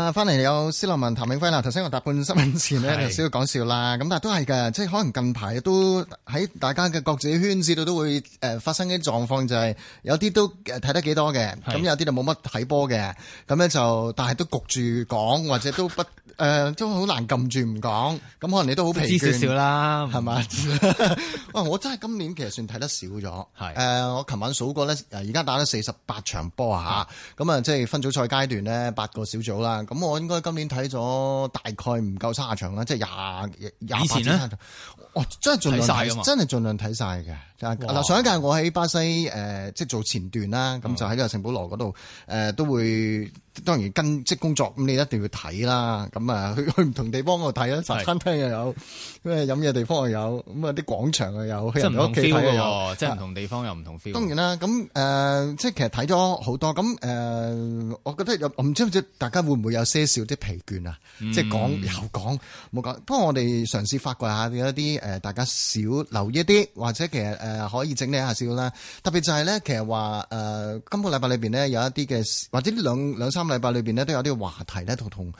啊！翻嚟有施洛文、譚永輝啦。頭先我答判新聞前咧，有少少講笑啦。咁但係都係嘅，即係可能近排都喺大家嘅各自圈子度都會誒發生一啲狀況，就係是有啲都誒睇得幾多嘅，咁有啲就冇乜睇波嘅。咁咧就，但係都焗住講，或者都不。 誒、呃、都好難撳住唔講，咁可能你都好疲倦少少啦，係嘛吧？哇！ 我真係今年其實算睇得少咗，係誒是的、呃、我琴晚數過咧，而家打咗四十八場波是的 啊嚇，咁啊即係分組賽階段咧，八個小組啦，咁我應該今年睇咗大概唔夠三十場啦，即係廿廿八支三十場，真係儘量睇，真係儘量睇曬嘅。嗱，上一屆我喺巴西誒，即係做前段啦，咁就喺個聖保羅嗰度誒，都會當然跟即係工作，咁你一定要睇啦。咁啊，去去唔同地方嗰度睇啦，茶餐廳又有，咩飲嘢地方又有，咁啊啲廣場又有，屋企即係唔同 feel 嘅喎，即係唔同地方又唔同 feel。當然啦，咁誒即係其實睇咗好多，咁誒我覺得又我唔知唔知大家會唔會有些少啲疲倦啊？即係講又講冇講，不過我哋嘗試發掘下有一啲誒，大家少留意一啲或者其實誒。係可以整理下少啦，特別就係、是、咧，其實話誒、呃，今個禮拜裏邊咧有一啲嘅，或者兩兩三個禮拜裏邊咧都有啲話題咧，同同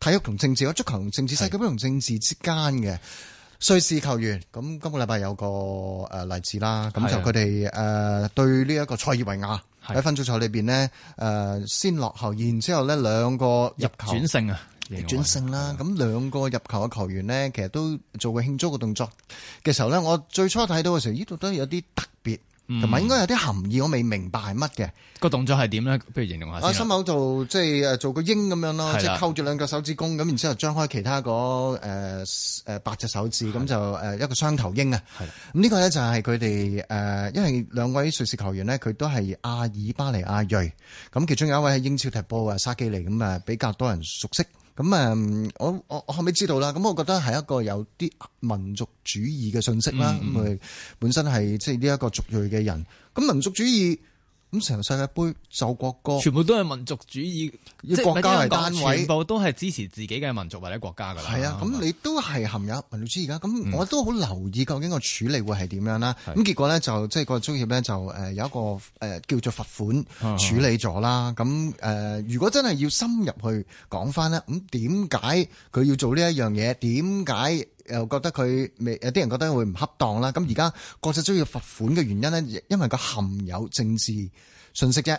體育同政治，的足球同政治、世界盃同政治之間嘅瑞士球員，咁今個禮拜有個誒例子啦，咁的就佢哋誒對呢一個塞爾維亞喺分組賽裏邊咧誒先落後，然之後咧兩個入球轉勝啊！轉勝啦！咁、嗯、兩個入球嘅球員呢，其實都做過慶祝嘅動作嘅時候呢，我最初睇到嘅時候，呢度都有啲特別同埋應該有啲含義，我未明白係乜嘅個動作係點呢？不如形容下先。阿森考就即係做個鷹咁樣咯，即係扣住兩個手指公咁，然之後張開其他嗰誒八隻手指咁就誒一個雙頭鷹啊。係咁呢個呢，就係佢哋誒，因為兩位瑞士球員呢，佢都係阿爾巴尼亞裔咁，其中有一位喺英超踢波啊，沙基利咁啊，比較多人熟悉。咁誒、嗯，我我我後尾知道啦。咁我覺得係一個有啲民族主義嘅信息啦。咁佢、嗯嗯、本身係即係呢一個族裔嘅人，咁民族主義。咁成個世界盃奏國歌，全部都係民族主義，即係國家單位，全部都係支持自己嘅民族或者國家噶啦。係啊，咁你都係含有民族主、主義噶，咁我都好留意究竟個處理會係點樣啦。咁、嗯、結果咧就即係、就是、個中協咧就誒有一個誒、呃、叫做罰款處理咗啦。咁誒的、呃、如果真係要深入去講翻咧，咁點解佢要做呢一樣嘢？點解？又覺得佢未有啲人覺得佢會唔恰當啦，咁而家國際都要罰款嘅原因咧，因為佢含有政治訊息啫，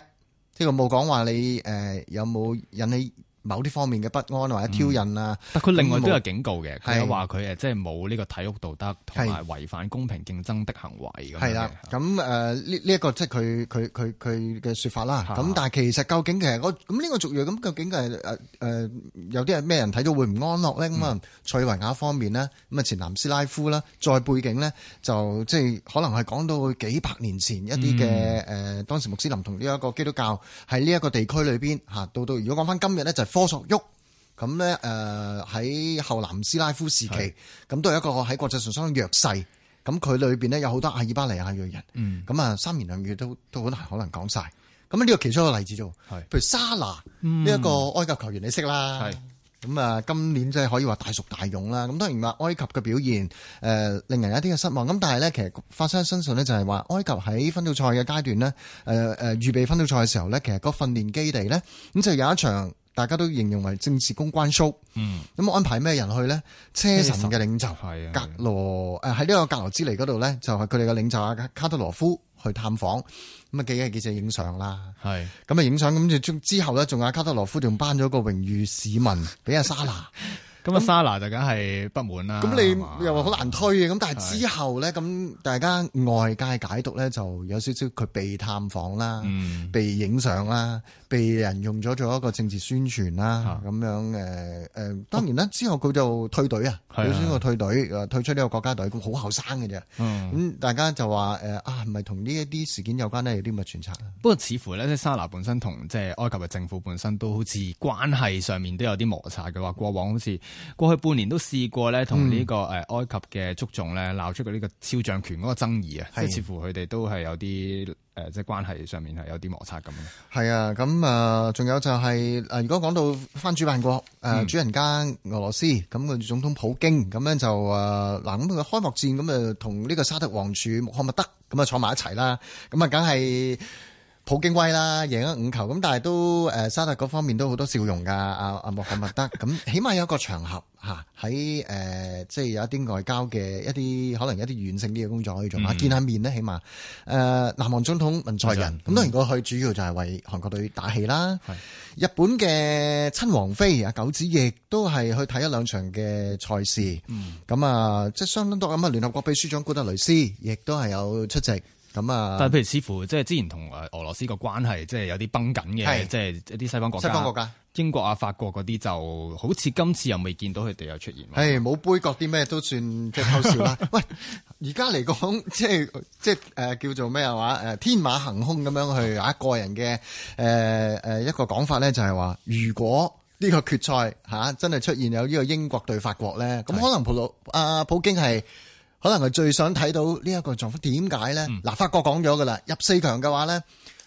即係冇講話你誒有冇引起。某啲方面嘅不安或者挑釁啊，佢另外都有警告嘅，佢話佢誒即係冇呢個體育道德同埋違反公平競爭的行為，咁。係啦，咁誒呢呢一個即係佢佢佢佢嘅說法啦。咁但係其實究竟其實嗰咁呢個族裔咁究竟係誒誒有啲係咩人睇到會唔安樂咧？咁啊，塞維亞方面咧，咁啊前南斯拉夫啦，再背景咧就即係可能係講到幾百年前一啲嘅誒，當時穆斯林同呢一個基督教喺呢一個地區裏邊吓到到如果講翻今日咧就。科索沃咁咧，誒、呃、喺後南斯拉夫時期，咁是都係一個喺國際上相當弱勢。咁佢裏邊咧有好多阿爾巴尼亞嘅人，咁啊、嗯、三言兩語都都好難可能講晒。咁呢個其中一個例子就係，譬如沙拿呢、嗯、一個埃及球員你，你識啦。咁啊今年即係可以話大熟大勇啦。咁當然話埃及嘅表現誒令人有一啲嘅失望。咁但係咧其實發生喺身上咧就係話埃及喺分組賽嘅階段咧，誒、呃、誒預備分組賽嘅時候咧，其實個訓練基地咧咁就有一場。大家都形容為政治公關 show，咁、嗯、安排咩人去咧？車臣嘅領袖神格羅羅，誒喺呢個格羅茲尼嗰度咧，就係佢哋嘅領袖阿卡特羅夫去探訪，咁啊記者記者影相啦，咁啊影相，咁就之之後咧，仲阿卡特羅夫仲頒咗個榮譽市民俾阿沙拿。咁阿莎拿就梗係不滿啦。咁你又話好難推嘅，咁吧但係之後咧，咁大家外界解讀咧就有少少佢被探訪啦，嗯、被影相啦，被人用咗做一個政治宣傳啦，咁、啊、樣誒誒、呃。當然啦，之後佢就退隊啊，表宣我退的退出呢個國家隊。咁好後生嘅啫。咁、嗯、大家就話誒啊，係咪同呢一啲事件有關呢？有啲咁嘅傳聞。嗯、不過似乎咧，即莎拿本身同即係埃及嘅政府本身都好似關係上面都有啲摩擦。佢話過往好似。過去半年都試過咧，同呢個誒埃及嘅足總咧鬧出佢呢個肖像權嗰個爭議，嗯、啊，係似乎佢哋都係有啲誒，即係關係上面係有啲摩擦咁。係啊，咁啊，仲有就係、是、誒，如果講到翻主辦國誒、呃嗯、主人家俄羅斯，咁個總統普京咁樣就誒嗱咁佢開幕戰咁啊，同呢個沙特王儲穆罕默德咁啊坐埋一齊啦，咁啊梗係。普京威啦，贏咗五球，咁但係都誒沙特嗰方面都好多笑容㗎，阿阿莫罕默德咁，起、啊、碼有一個場合嚇喺誒，即、啊、係、呃就是、有一啲外交嘅一啲可能有一啲遠性軟啲嘅工作可以做啊，嗯、見下面咧起碼誒、呃、南韓總統文在寅，咁當然過去主要就係為韓國隊打氣啦，是日本嘅親王妃啊九子亦都係去睇一兩場嘅賽事，咁啊、嗯呃、即係相當多咁啊聯合國秘書長古特雷斯亦都係有出席。咁啊！但係譬如似乎即係之前同誒俄羅斯個關係即係有啲崩緊嘅，即係是一啲西，西方國家、西方國家、英國啊、法國嗰啲，就好似今次又未見到佢哋有出現。誒冇杯葛啲咩都算即係偷笑啦。 喂，而家嚟講即係即係誒、呃、叫做咩話誒天馬行空咁樣去啊個人嘅誒誒一個講法咧、就是，就係話如果呢個決賽嚇、啊、真係出現有呢個英國對法國咧，咁的可能普魯啊、呃、普京係。可能佢最想睇到狀況呢一個狀況，點解咧？嗱，法國講咗噶啦，入四強嘅話咧，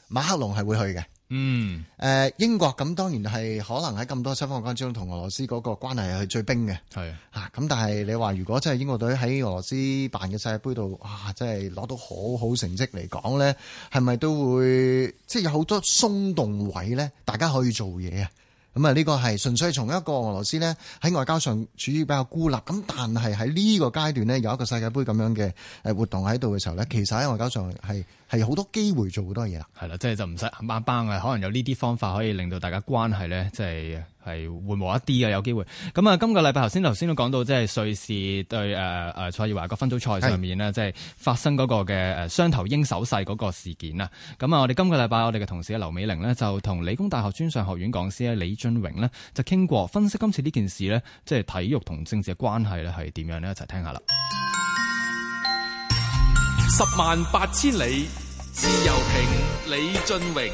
馬克龍係會去嘅。嗯，誒、呃，英國咁當然係可能喺咁多西方國家中，同俄羅斯嗰個關係係最冰嘅。係的啊，咁但係你話如果真係英國隊喺俄羅斯辦嘅世界盃度，哇，真係攞到好好成績嚟講咧，係咪都會即係有好多鬆動位咧？大家可以做嘢啊！咁啊，呢個係純粹從一個俄羅斯咧喺外交上處於比較孤立。咁但係喺呢個階段咧，有一個世界盃咁樣嘅誒活動喺度嘅時候咧，其實喺外交上係。係好多機會做好多嘢啦，係啦，即係就唔使硬崩嘅，可能有呢啲方法可以令到大家關係咧，即係係緩和一啲嘅有機會。咁啊，今個禮拜頭先頭先都講到，即係瑞士對誒誒塞爾維亞個分組賽上面呢，的即係發生嗰個嘅雙頭鷹手勢嗰個事件啊。咁啊，我哋今個禮拜我哋嘅同事劉美玲呢，就同理工大學專上學院講師李峻嶸呢，就傾過分析今次呢件事呢，即係體育同政治嘅關係咧，係點樣呢？一齊聽下啦。十萬八千里，自由評。李峻嶸，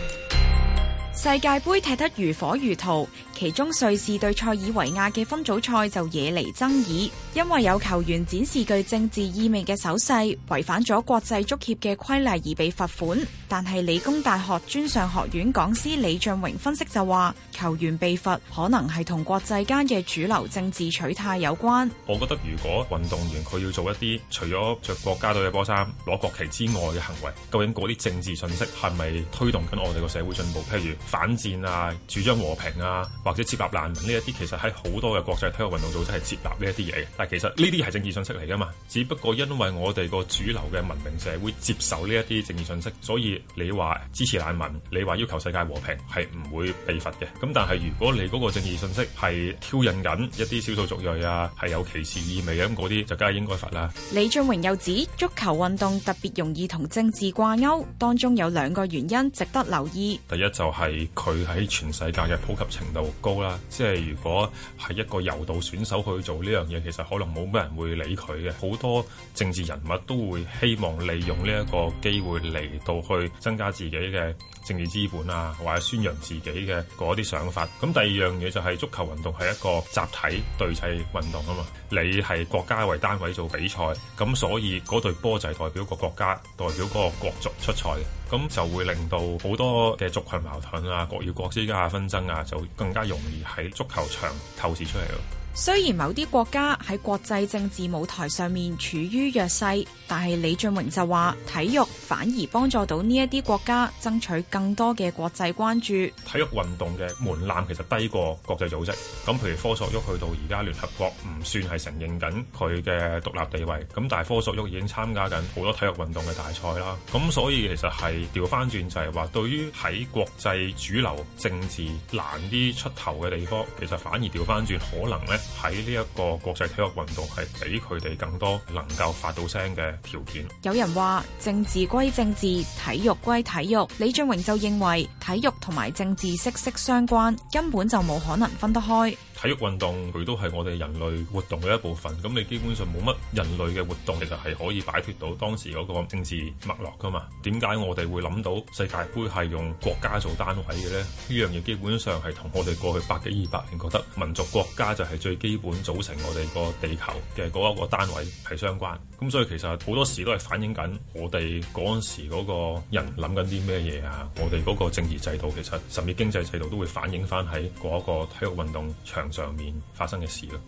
世界杯踢得如火如荼。其中瑞士對塞爾維亞嘅分組賽就惹嚟爭議因為有球員展示具政治意味嘅手勢，違反咗國際足協嘅規例而被罰款。但係理工大學專上學院講師李峻嶸分析就話，球員被罰可能係同國際間嘅主流政治取態有關。我覺得如果運動員佢要做一啲除咗着國家隊嘅波衫、攞國旗之外嘅行為，究竟嗰啲政治信息係咪推動緊我哋嘅社會進步？譬如反戰啊、主張和平啊，或或者接納難民呢一啲，其實喺好多嘅國際體育運動組織係接納呢一啲嘢嘅。但係其實呢啲係政治信息嚟噶嘛，只不過因為我哋個主流嘅文明社會接受呢一啲政治信息，所以你話支持難民，你話要求世界和平係唔會被罰嘅。咁但係如果你嗰個政治信息係挑釁緊一啲少數族裔啊，係有歧視意味嘅，咁嗰啲就梗係應該罰啦。李峻嶸又指，足球運動特別容易同政治掛鈎，當中有兩個原因值得留意。第一就係佢喺全世界嘅普及程度。高啦，即係如果係一個柔道選手去做呢樣嘢，其實可能冇咩人會理佢嘅。好多政治人物都會希望利用呢一個機會嚟到去增加自己嘅政治資本啊，或者宣揚自己嘅嗰啲想法。咁第二樣嘢就係足球運動係一個集體對砌運動啊嘛，你係國家為單位做比賽，咁所以嗰隊波就係代表個國家，代表嗰個國族出賽，咁就會令到好多嘅族群矛盾啊、國與國之間啊紛爭啊，就更加。容易喺足球場透視出嚟咯。雖然某啲國家喺國際政治舞台上面處於弱勢，但係李峻嶸就話：體育反而幫助到呢一啲國家爭取更多嘅國際關注。體育運動嘅門檻其實低過國際組織。咁譬如科索沃去到而家聯合國唔算係承認緊佢嘅獨立地位。咁但係科索沃已經參加緊好多體育運動嘅大賽啦。咁所以其實係調返轉就係話，對於喺國際主流政治難啲出頭嘅地方，其實反而調返轉可能咧。喺呢一個國際體育運動係俾佢哋更多能夠發到聲嘅條件。有人話，政治歸政治，體育歸體育。李峻嶸就認為，體育同埋政治息息相關，根本就冇可能分得開。體育運動佢都係我哋人類活動嘅一部分，咁你基本上冇乜人類嘅活動，其實係可以擺脱到當時嗰個政治脈絡噶嘛。點解我哋會諗到世界盃係用國家做單位嘅呢？呢樣嘢基本上係同我哋過去百幾二百年覺得民族國家就係最基本組成我哋個地球嘅嗰一個單位係相關。咁所以其實好多時都係反映緊我哋嗰陣時嗰個人諗緊啲咩嘢啊，我哋嗰個政治制度其實甚至經濟制度都會反映翻喺嗰個體育運動場上面發生嘅事咯。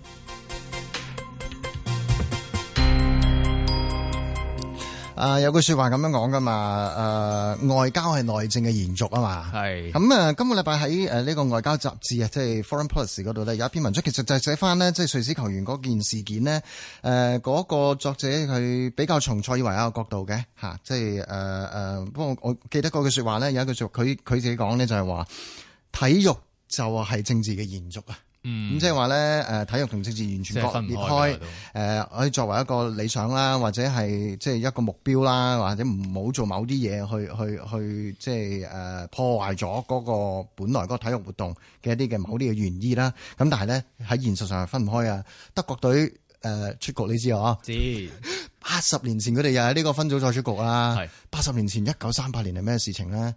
啊，有句話說話咁樣講噶嘛？誒、呃，外交係內政嘅延續啊嘛。係咁啊，今個禮拜喺誒呢個外交雜誌啊，即係 Foreign Policy 嗰度咧有一篇文章，其實就係寫翻咧，即係瑞士球員嗰件事件咧。誒、呃，嗰、那個作者佢比較從塞爾維亞個角度嘅吓、啊，即係誒誒，不、呃、過、呃、我記得嗰句說話咧，有一句說，佢佢自己講咧就係、是、話，體育就係政治嘅延續啊。嗯，咁即係話咧，誒，體育同政治完全割裂開，誒、呃，可以作為一個理想啦，或者係即係一個目標啦，或者唔好做某啲嘢，去去去，即係誒、呃、破壞咗嗰個本來嗰個體育活動嘅一啲嘅某啲嘅原意啦。咁但係咧喺，現實上係分唔開啊。德國隊誒、呃、出局，你知啊？知八道十 年前佢哋又喺呢個分組賽出局喇。係八十年前一九三八年係咩事情咧？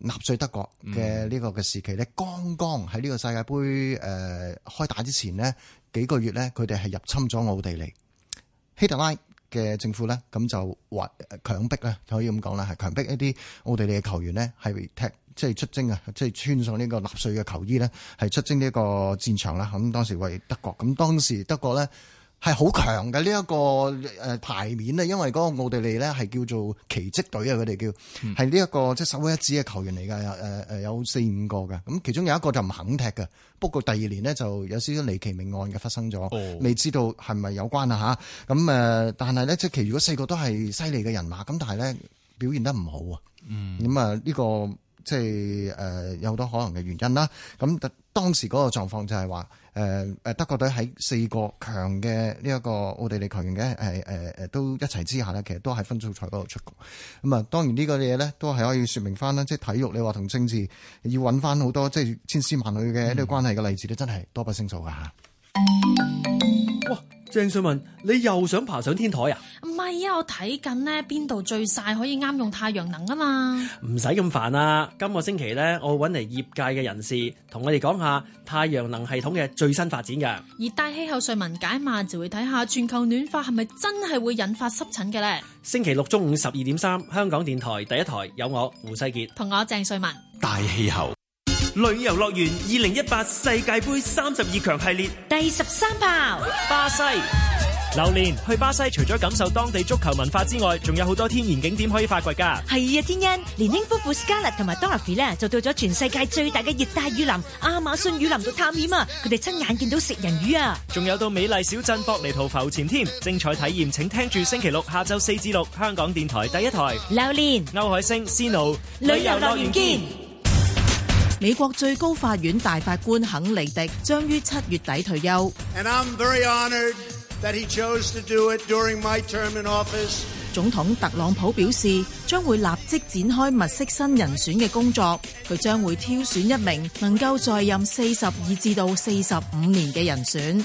納粹德國嘅呢個嘅時期咧，剛剛喺呢個世界盃誒、呃、開打之前呢幾個月咧，佢哋係入侵咗奧地利。希特拉嘅政府咧，咁就強、呃、迫，咧，可以咁講啦，係強逼一啲奧地利嘅球員呢，係踢即係、就是、出征啊，即、就、係、是、穿上呢個納粹嘅球衣咧，係出征呢個戰場啦。咁當時為德國，咁當時德國咧。係好強嘅呢一個誒牌面啊，因為嗰個奧地利咧係叫做奇蹟隊啊，佢哋叫係呢、嗯這個、一個即係首屈一指嘅球員嚟噶，誒誒有四五個嘅，咁其中有一個就唔肯踢嘅，不過第二年呢就有少少離奇命案嘅發生咗，未知道係咪有關啊吓，咁誒、哦、但係咧即係如果四個都係犀利嘅人馬，咁但係咧表現得唔好啊，咁啊呢個。即係誒，呃、有好多可能嘅原因啦，咁，嗯、當時嗰個狀況就係話誒誒德國隊喺四個強嘅呢一個奧地利球員嘅誒誒誒都一齊之下呢，其實都喺分組賽嗰度出局。咁，嗯、啊，當然個呢個嘢咧都係可以説明翻啦，即係體育你話同政治要揾翻好多即係千絲萬縷嘅呢個關係嘅例子咧，嗯、真係多不勝數嘅嚇。啊鄭瑞文，你又想爬上天台啊？唔係啊，我睇緊呢邊度最晒可以啱用太陽能啊嘛。唔使咁煩啊，今個星期呢，我會搵嚟業界嘅人士同我哋講下太陽能系統嘅最新發展嘅。而大氣候瑞文解碼，就會睇下全球暖化係咪真係會引發濕疹嘅呢。星期六中午十二點三，3, 香港電台第一台有我胡世杰同我鄭瑞文大氣候。旅遊樂園二零一八世界盃三十二強系列第十三炮，巴西。榴槤去巴西，除咗感受當地足球文化之外，仲有好多天然景點可以發掘㗎。係啊，天恩，連英夫婦 Scarlett 同埋 Dorothy 咧，就到咗全世界最大嘅熱帶雨林亞馬遜雨林度探險啊！佢哋親眼見到食人魚啊！仲有到美麗小鎮博尼圖浮潛添，精彩體驗，請聽住星期六下晝四至六，香港電台第一台。榴槤，歐海星，Sino，旅遊樂園見。美國最高法院大法官肯尼迪將於七月底退休。總統特朗普表示，將會立即展開物色新人選嘅工作，佢將會挑選一名能夠在任四十二至到四十五年嘅人選。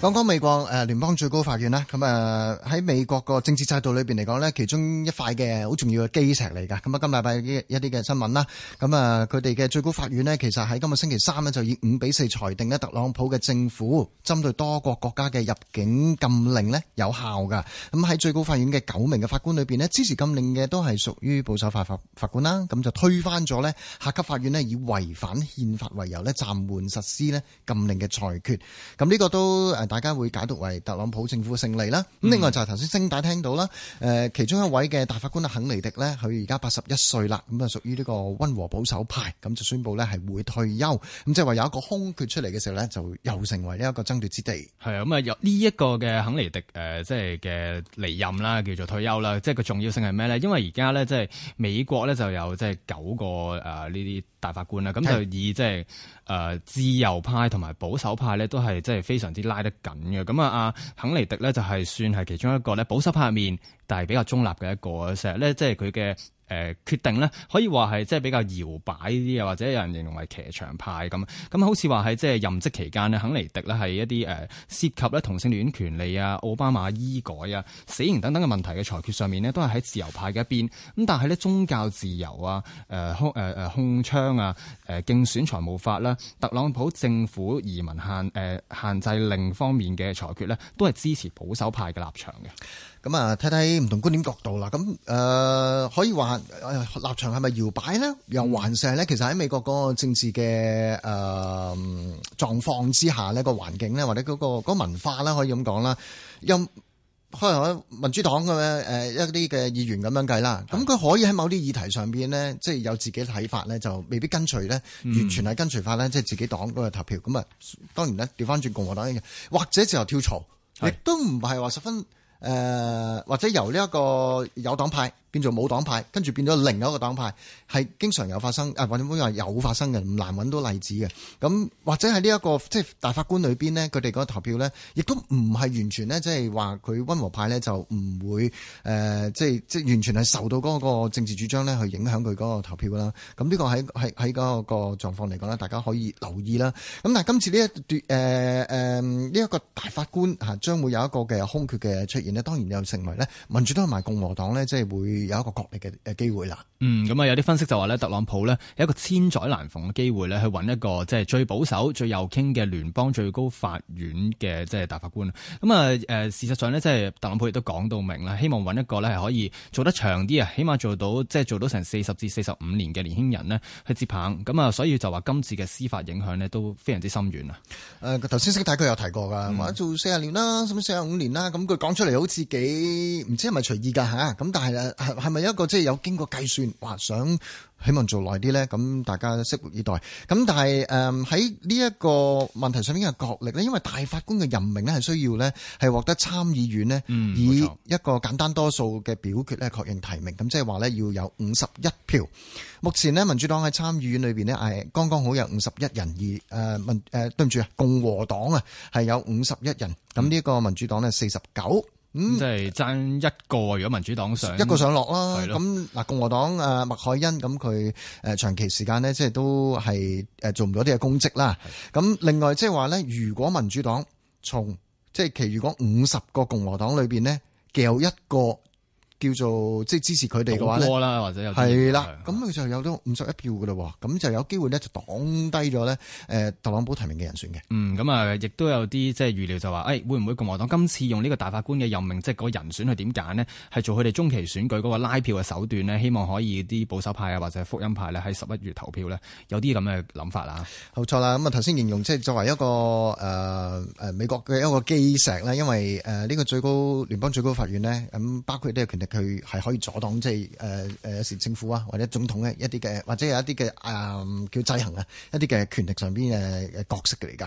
講講美國誒聯邦最高法院啦，咁啊喺美國個政治制度裏邊嚟講呢，其中一塊嘅好重要嘅基石嚟噶。咁啊，今禮拜一啲嘅新聞啦，咁、嗯、啊，佢哋嘅最高法院呢，其實喺今日星期三呢，就以五比四裁定呢，特朗普嘅政府針對多國國家嘅入境禁令呢有效噶。咁、嗯、喺最高法院嘅九名嘅法官裏邊呢，支持禁令嘅都係屬於保守派法法官啦，咁就推翻咗呢下級法院呢，以違反憲法為由呢暫緩實施呢禁令嘅裁決。咁呢個都誒。大家會解讀為特朗普政府嘅勝利啦。咁另外就係頭先先打聽到啦，誒、嗯、其中一位嘅大法官啊肯尼迪咧，佢而家八十一歲啦，咁啊屬於呢個溫和保守派，咁就宣佈咧係會退休。咁即係話有一個空缺出嚟嘅時候咧，就又成為呢一個爭奪之地。係啊，咁啊有呢一個嘅肯尼迪誒，即係嘅離任啦，叫做退休啦，即係個重要性係咩咧？因為而家咧即係美國咧就有即係九個啊呢啲。大法官啦，咁就以即係誒自由派同埋保守派咧，都係即係非常之拉得緊嘅。咁啊，阿肯尼迪咧就係算係其中一個咧保守派入面，但係比較中立嘅一個，成日咧即係佢嘅。誒、呃、決定咧，可以話係即係比較搖擺啲，又或者有人形容為騎場派咁。咁、呃、好似話係即係任職期間咧，肯尼迪咧係一啲誒、呃、涉及咧同性戀權利啊、奧巴馬醫改啊、死刑等等嘅問題嘅裁決上面咧，都係喺自由派嘅一邊。咁但係咧，宗教自由啊、誒控誒誒控槍啊、誒、呃、競選財務法啦、啊、特朗普政府移民限誒限，限制令方面嘅裁決咧，都係支持保守派嘅立場嘅。咁啊，睇睇唔同觀點角度啦。咁、呃、誒可以話立場係咪搖擺咧？嗯、又還是係咧？其實喺美國嗰個政治嘅誒、呃、狀況之下呢，個環境咧，或者嗰、嗰個嗰個文化啦，可以咁講啦。又可能民主黨嘅誒、呃、一啲嘅議員咁樣計啦，咁佢是的 可以喺某啲議題上邊咧，即係有自己睇法咧，就未必跟隨咧，完全係跟隨法咧，嗯、即係自己黨嗰個投票咁啊。當然咧，掉翻轉共和黨，或者就跳槽，亦都唔係話十分。誒、呃、或者由呢一個有黨派。變咗冇黨派，跟住變咗另一個黨派，係經常有發生，誒，或者會話有發生嘅，唔難揾到例子嘅。咁或者係呢一個即係大法官裏邊呢，佢哋嗰個投票呢，亦都唔係完全呢，即係話佢溫和派呢，呃，就唔會誒，即係即係完全係受到嗰個政治主張呢去影響佢嗰個投票啦。咁呢個喺喺喺嗰個個狀況嚟講呢，大家可以留意啦。咁但係今次呢一段誒誒呢一個大法官吓，將會有一個嘅空缺嘅出現呢，當然又成為呢民主黨同埋共和黨呢，即係會。有一個角力嘅嘅機會啦。嗯，咁啊，有啲分析就話咧，特朗普咧有一個千載難逢嘅機會咧，去揾一個即係最保守、最右傾嘅聯邦最高法院嘅即係大法官。咁、嗯、啊，誒、呃，事實上咧，即係特朗普亦都講到明啦，希望揾一個咧係可以做得長啲啊，起碼做到即係做到成四十至四十五年嘅年輕人呢去接棒。咁啊，所以就話今次嘅司法影響呢都非常之深遠啊。誒、呃，頭先生睇佢有提過噶，話、嗯、做四十年啦，甚至四十五年啦，咁佢講出嚟好似幾唔知係咪隨意噶吓？咁但係啊。係咪一個即係有經過計算，話想希望做耐啲咧？咁大家拭目以待。咁但係誒喺呢一個問題上面嘅角力咧，因為大法官嘅任命咧係需要咧係獲得參議院咧以一個簡單多數嘅表決咧確認提名。咁即係話咧要有五十一票。目前咧民主黨喺參議院裏邊咧係剛剛好有五十一人，而誒民誒對唔住啊共和黨啊係有五十一人。咁呢個民主黨咧四十九。咁、嗯、即係爭一個，如果民主黨上一個上落啦。咁嗱的，共和黨誒，麥凱恩咁佢誒，長期時間咧，即係都係誒做唔到啲嘅功績啦。咁另外即係話咧，如果民主黨從即係其餘五十個共和黨裏邊咧，嘅有一個。叫做即係支持佢哋嘅話咧，係啦呢，咁佢的、嗯、就有咗五十一票嘅嘞，咁就有機會咧就擋低咗咧，誒、呃、特朗普提名嘅人選嘅、嗯。嗯，咁啊，亦都有啲即係預料就話，誒、哎、會唔會共和黨今次用呢個大法官嘅任命，即係嗰人選去點揀呢？係做佢哋中期選舉嗰個拉票嘅手段呢？希望可以啲保守派啊或者福音派咧喺十一月投票呢，有啲咁嘅諗法啊。冇錯啦，咁啊頭先形容即係作為一個誒誒、呃、美國嘅一個基石咧，因為誒呢個最高聯邦最高法院呢，咁包括都有權力。佢係可以阻擋，即係誒誒，時、呃、政府啊，或者總統嘅一啲嘅，或者有一啲嘅誒叫制衡啊，一啲嘅權力上邊嘅角色嚟㗎。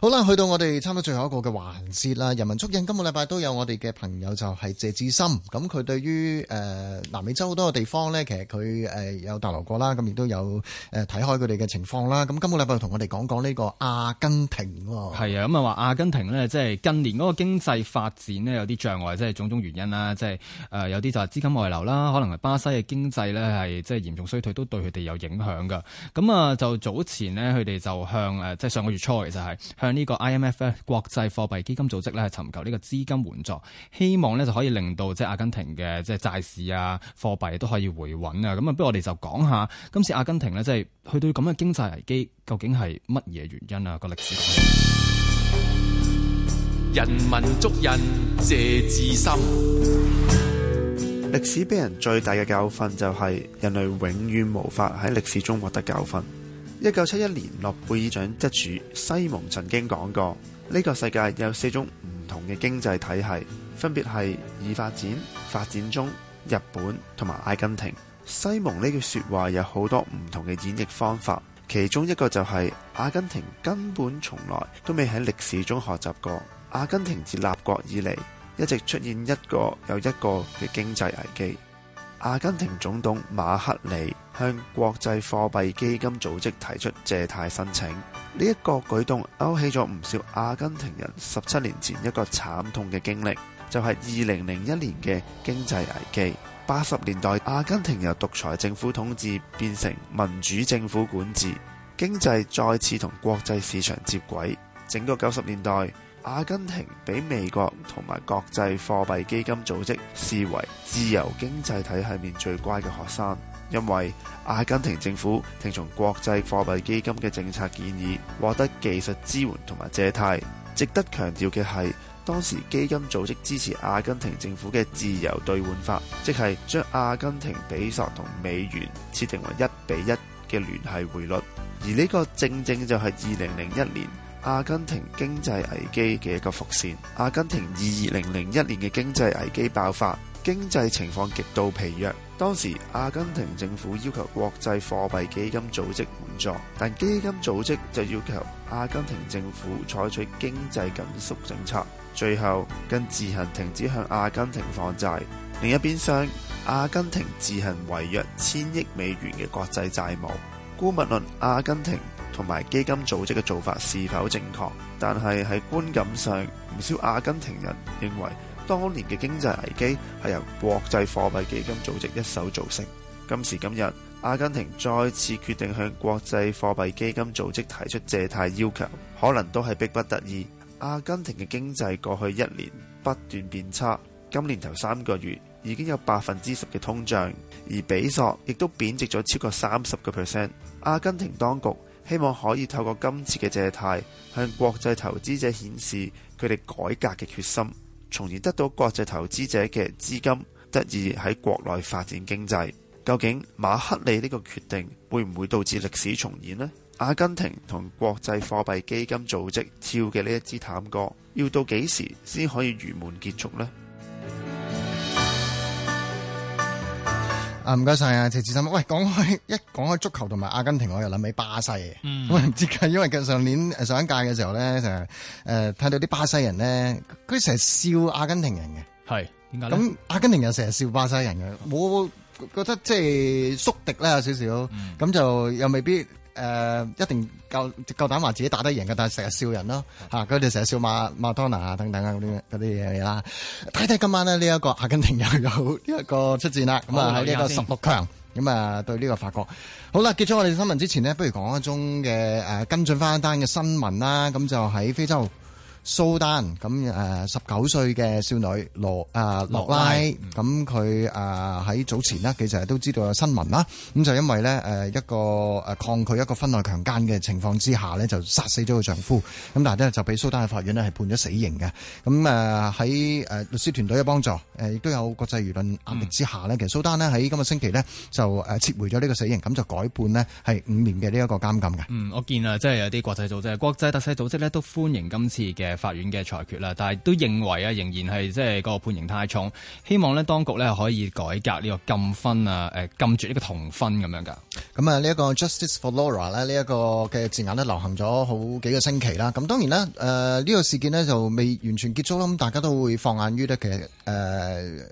好啦，去到我哋差唔多最後一個嘅環節啦。人文足印今個禮拜都有我哋嘅朋友就係謝智森。咁佢對於誒、呃、南美洲好多嘅地方咧，其實佢誒有到過啦，咁亦都有誒睇開佢哋嘅情況啦。咁今個禮拜同我哋講講呢個阿根廷喎、哦，係啊，咁啊話阿根廷咧，即係近年嗰個經濟發展呢，有啲障礙，即係種種原因啦，即係誒有。呃啲就係資金外流啦，可能巴西嘅經濟咧係即係嚴重衰退，都對佢哋有影響噶。咁啊，就早前呢，佢哋就向誒即係上個月初其實係向呢個 IMF 咧國際貨幣基金組織咧尋求呢個資金援助，希望咧就可以令到即係阿根廷嘅即係債市啊貨幣都可以回穩啊。咁啊，不如我哋就講下今次阿根廷呢，即係去到咁嘅經濟危機，究竟係乜嘢原因啊、個歷史？人文足印謝智森。歷史俾人最大嘅教訓就係人類永遠無法喺歷史中獲得教訓。一九七一年諾貝爾獎得主西蒙曾經講過：呢、這個世界有四種唔同嘅經濟體系，分別係已發展、發展中、日本同埋阿根廷。西蒙呢句説話有好多唔同嘅演繹方法，其中一個就係、是、阿根廷根本從來都未喺歷史中學習過。阿根廷自立國以嚟。一直出現一個又一個嘅經濟危機。阿根廷總統馬克里向國際貨幣基金組織提出借貸申請，呢一個舉動勾起咗唔少阿根廷人十七年前一個慘痛嘅經歷，就係二零零一年嘅經濟危機。八十年代阿根廷由獨裁政府統治變成民主政府管治，經濟再次同國際市場接軌，整個九十年代。阿根廷俾美國同埋國際貨幣基金組織視為自由經濟體系面最乖嘅學生，因為阿根廷政府聽從國際貨幣基金嘅政策建議，獲得技術支援同埋借貸。值得強調嘅係，當時基金組織支持阿根廷政府嘅自由兌換法，即係將阿根廷比索同美元設定為一比一嘅聯繫匯率。而呢個正正就係二零零一年阿根廷經濟危機嘅一個伏線。阿根廷二零零一年嘅經濟危機爆發，經濟情況極度疲弱。當時阿根廷政府要求國際貨幣基金組織援助，但基金組織就要求阿根廷政府採取經濟緊縮政策，最後更自行停止向阿根廷放債。另一邊廂，阿根廷自行違約千億美元嘅國際債務。姑勿論阿根廷。同埋基金組織嘅做法是否正確？但係喺觀感上，唔少阿根廷人認為，當年嘅經濟危機係由國際貨幣基金組織一手造成。今時今日，阿根廷再次決定向國際貨幣基金組織提出借貸要求，可能都係迫不得已。阿根廷嘅經濟過去一年不斷變差，今年頭三個月已經有百分之十嘅通脹，而比索亦都貶值咗超過三十個 percent。阿根廷當局。希望可以透過今次嘅借貸，向國際投資者顯示佢哋改革嘅決心，從而得到國際投資者嘅資金，得以喺國內發展經濟。究竟馬克利呢個決定會唔會導致歷史重演呢？阿根廷同國際貨幣基金組織跳嘅呢一支探戈，要到幾時先可以圓滿結束呢？啊，唔該晒啊，謝智森。喂，講開一講開足球同埋阿根廷，我又諗起巴西。嗯，我唔知。因為嘅上年上一屆嘅時候咧，成日誒睇到啲巴西人咧，佢成日笑阿根廷人嘅。係，點解咧？咁阿根廷人成日笑巴西人嘅，我覺得即係宿敵咧，有少少。咁、嗯、就又未必。誒、呃、一定夠夠膽話自己打得贏嘅，但係成日笑人咯嚇，佢哋成日笑馬馬當拿啊等等啊嗰啲啲嘢嚟啦。睇睇今晚咧呢一、呢個阿根廷又有呢一個出戰啦，咁啊喺呢個十六強，咁啊、嗯嗯、對呢個法國。好啦，結束我哋新聞之前呢，不如講一宗嘅誒、啊、跟進翻一單嘅新聞啦。咁就喺非洲。蘇丹咁誒，十九歲嘅少女羅誒洛拉，咁佢誒喺早前咧，其實係都知道有新聞啦。咁就因為咧誒一個誒抗拒一個婚內強奸嘅情況之下咧，就殺死咗個丈夫。咁但係咧就俾蘇丹嘅法院咧係判咗死刑嘅。咁誒喺誒律師團隊嘅幫助，誒亦都有國際輿論壓力之下咧，其實蘇丹咧喺今個星期咧就誒撤回咗呢個死刑，咁就改判咧係五年嘅呢一個監禁嘅。嗯，我見啊，即係有啲國際組織、國際特赦組織咧都歡迎今次嘅。法院嘅裁決啦，但係都認為啊，仍然係即係個判刑太重，希望呢當局呢可以改革呢個禁婚啊、誒禁絕呢個同婚咁樣噶。咁啊，呢一個 Justice for Laura 咧，呢一個嘅字眼都流行咗好幾個星期啦。咁當然啦，誒、呃、呢、呢個事件呢就未完全結束啦。咁大家都會放眼於呢，其實誒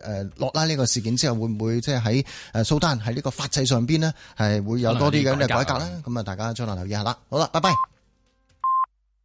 誒洛拉呢個事件之後會唔會即係喺蘇丹喺呢個法制上邊呢，係會有多啲嘅改革呢？咁啊，大家出嚟留意下啦。好啦，拜拜。